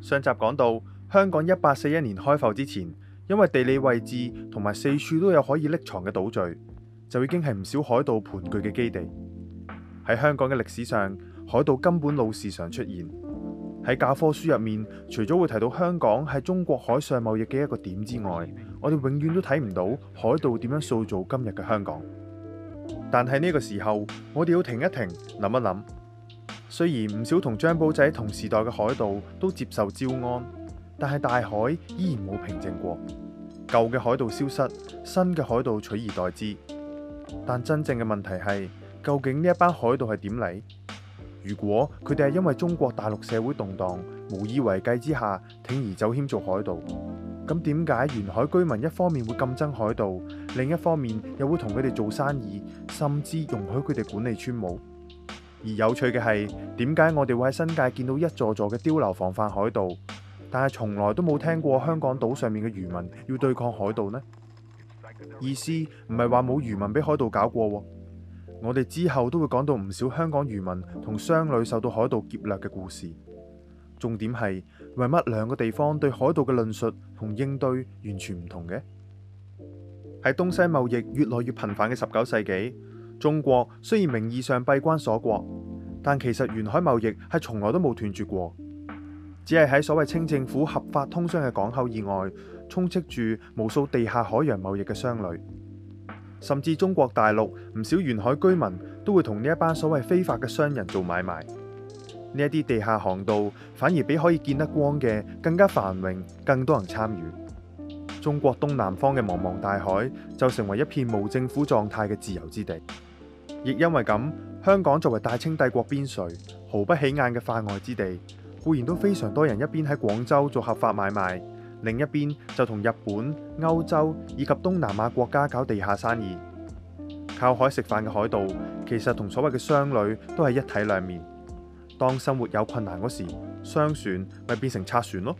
上集講到，香港一八四一年開埠之前，因為地理位置同埋四處都有可以匿藏嘅島嶼，就已經係唔少海盜盤踞嘅基地。喺香港嘅歷史上，海盜根本老是常出現。喺教科書入面，除咗會提到香港係中國海上貿易嘅一個點之外，我哋永遠都睇唔到海盜點樣塑造今日嘅香港。但係呢個時候，我哋要停一停，諗一諗。雖然唔少同張保仔同時代嘅海盜都接受招安，但係大海依然冇平靜過。舊嘅海盜消失，新嘅海盜取而代之。但真正嘅問題係，究竟呢一班海盜係點嚟？如果佢哋係因為中國大陸社會動盪，無以為繼之下，鋌而走險做海盜，咁點解沿海居民一方面會咁憎海盜，另一方面又會同佢哋做生意，甚至容許佢哋管理村務？而有趣嘅係，點解我哋會喺新界見到一座座嘅碉樓防範海盜，但係從來都冇聽過香港島上面嘅漁民要對抗海盜呢？意思唔係話冇漁民俾海盜搞過喎。我哋之後都會講到唔少香港漁民同商旅受到海盜劫掠嘅故事。重點係為乜兩個地方對海盜嘅論述同應對完全唔同嘅？喺東西貿易越來越頻繁嘅十九世紀，中國雖然名義上閉關鎖國，但其實沿海貿易係從來都冇斷絕過，只係喺所謂清政府合法通商嘅港口以外，充斥住無數地下海洋貿易嘅商旅。甚至中國大陸唔少沿海居民都會同呢一班所謂非法嘅商人做買賣。呢一啲地下航道反而比可以見得光嘅更加繁榮，更多人參與。中國東南方嘅茫茫大海就成為一片無政府狀態嘅自由之地。亦因為咁，香港作為大清帝國邊陲毫不起眼嘅化外之地，固然都非常多人一邊喺廣州做合法買賣。另一邊就同日本、歐洲以及東南亞國家搞地下生意，靠海食飯嘅海盜，其實同所謂嘅商旅都係一體兩面。當生活有困難嗰時，商船咪變成賊船咯。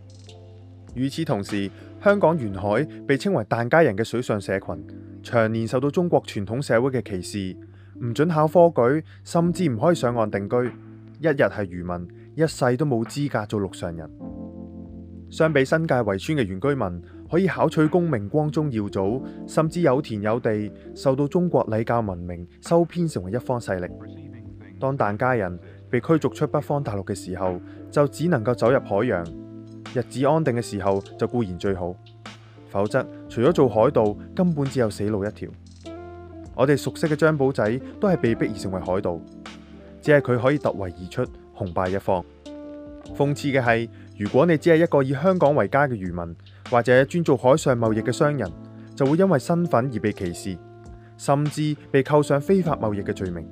與此同時，香港沿海被稱為蜑家人嘅水上社群，長年受到中國傳統社會嘅歧視，唔准考科舉，甚至唔可以上岸定居，一日係漁民，一世都冇資格做陸上人。相比新界圍村嘅原居民，可以考取功名、光宗耀祖，甚至有田有地，受到中國禮教文明，收編成為一方勢力。當疍家人被驅逐出北方大陸嘅時候，就只能夠走入海洋。日子安定嘅時候就固然最好，否則除咗做海盜，根本只有死路一條。我哋熟悉嘅張保仔都係被逼而成為海盜，只係佢可以突圍而出，雄霸一方。諷刺嘅係，如果你只係一個以香港為家嘅漁民，或者專做海上貿易嘅商人，就會因為身份而被歧視，甚至被扣上非法貿易嘅罪名。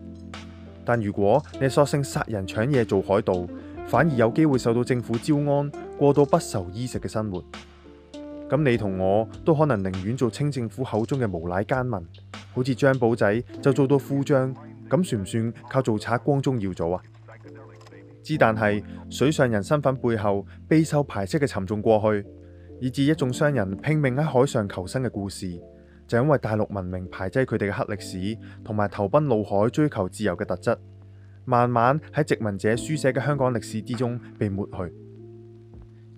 但如果你索性殺人搶嘢做海盜，反而有機會受到政府招安，過到不愁衣食嘅生活。咁你同我都可能寧願做清政府口中嘅無賴奸民，好似張保仔就做到副將，咁算唔算靠做賊光宗耀祖啊？之，但係水上人身份背後備受排斥嘅沉重過去，以至一眾商人拼命喺海上求生嘅故事，就因為大陸文明排擠佢哋嘅黑歷史，同埋投奔怒海追求自由嘅特質，慢慢喺殖民者書寫嘅香港歷史之中被抹去。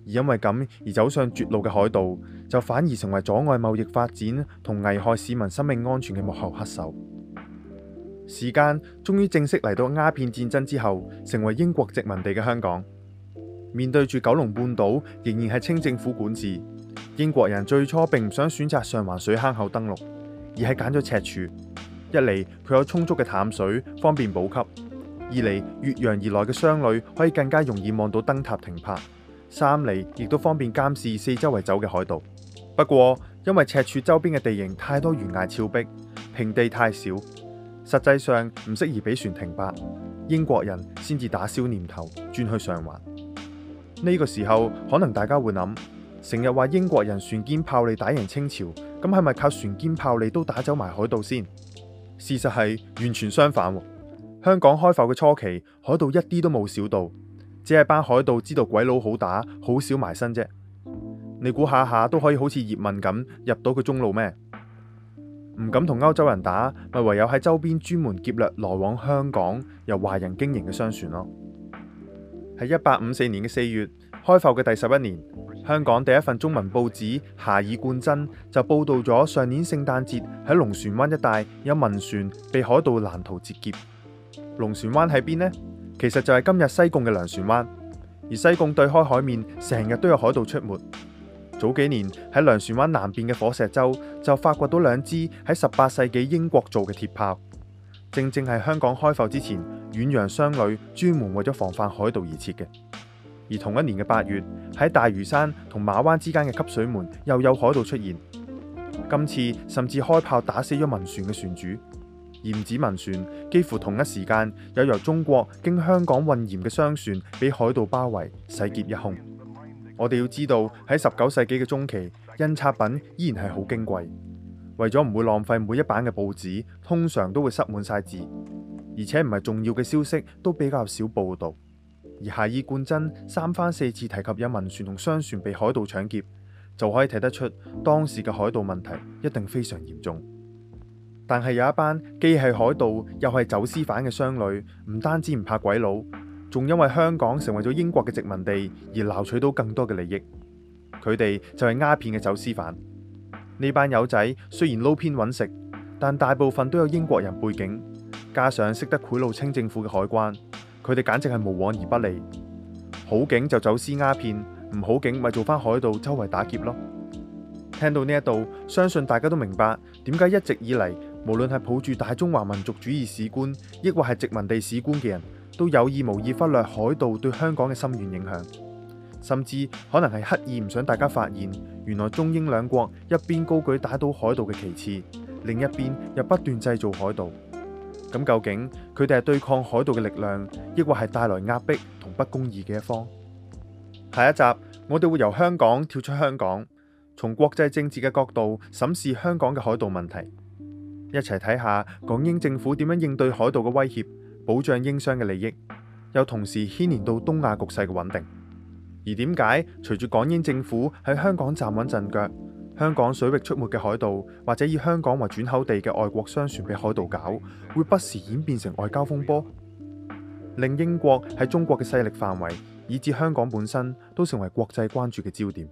而因為咁而走上絕路嘅海盜，就反而成為阻礙貿易發展同危害市民生命安全嘅幕後黑手。時間終於正式嚟到鴉片戰爭之後，成為英國殖民地嘅香港，面對住九龍半島仍然係清政府管治，英國人最初並唔想選擇上環水坑口登陸，而係揀咗赤柱。一嚟佢有充足嘅淡水，方便補給；二嚟越洋而來嘅商旅可以更加容易望到燈塔停泊；三嚟亦都方便監視四周圍走嘅海盜。不過因為赤柱周邊嘅地形太多懸崖峭壁，平地太少。實際上唔適宜俾船停泊，英國人先至打消念頭，轉去上環。呢個時候可能大家會諗，成日話英國人船堅炮利打贏清朝，咁係咪靠船堅炮利都打走埋海盜先？事實係完全相反。香港開埠嘅初期，海盜一啲都冇少到，只係班海盜知道鬼佬好打，好少埋身啫。你估下下都可以好似葉問咁入到佢中路咩？唔敢同歐洲人打，咪唯有喺周邊專門劫掠來往香港由華人經營嘅商船咯。喺一八五四年嘅四月，開埠嘅第十一年，香港第一份中文報紙《遐邇貫珍》就報道咗上年聖誕節喺龍船灣一帶有民船被海盜攔途截劫。龍船灣喺邊呢？其實就係今日西貢嘅糧船灣，而西貢對開海面成日都有海盜出沒。早幾年喺糧船灣南邊嘅火石洲就發掘到兩支喺十八世紀英國做嘅鐵炮，正正係香港開埠之前遠洋商旅專門為咗防範海盜而設嘅。而同一年嘅八月，喺大嶼山同馬灣之間嘅汲水門又有海盜出現，今次甚至開炮打死咗民船嘅船主。鹽子民船，幾乎同一時間有由中國經香港運鹽嘅商船被海盜包圍洗劫一空。我哋要知道喺十九世紀嘅中期，印刷品依然係好矜貴。為咗唔會浪費每一版嘅報紙，通常都會塞滿晒字，而且唔係重要嘅消息都比較少報道。而《遐邇貫珍》三番四次提及有民船同商船被海盜搶劫，就可以睇得出當時嘅海盜問題一定非常嚴重。但係有一班既係海盜又係走私犯嘅商旅，唔單止唔怕鬼佬。仲因為香港成為咗英國嘅殖民地而撈取到更多嘅利益，佢哋就係鴉片嘅走私犯。呢班友仔雖然撈偏揾食，但大部分都有英國人背景，加上識得賄賂清政府嘅海關，佢哋簡直係無往而不利。好景就走私鴉片，唔好景咪做返海盜周圍打劫咯。聽到呢一度，相信大家都明白點解一直以嚟，無論係抱住大中華民族主義史觀，抑或係殖民地史觀嘅人。都有意無意忽略海盜對香港嘅深遠影響，甚至可能係刻意唔想大家發現。原來中英兩國一邊高舉打倒海盜嘅旗幟，另一邊又不斷製造海盜。咁究竟佢哋係對抗海盜嘅力量，抑或係帶來壓迫同不公義嘅一方？下一集我哋會由香港跳出香港，從國際政治嘅角度審視香港嘅海盜問題，一齊睇下港英政府點樣應對海盜嘅威脅。保障英商嘅利益，又同時牽連到東亞局勢嘅穩定。而點解隨住港英政府喺香港站穩陣腳，香港水域出沒嘅海盜或者以香港為轉口地嘅外國商船被海盜搞，會不時演變成外交風波，令英國喺中國嘅勢力範圍，以至香港本身都成為國際關注嘅焦點。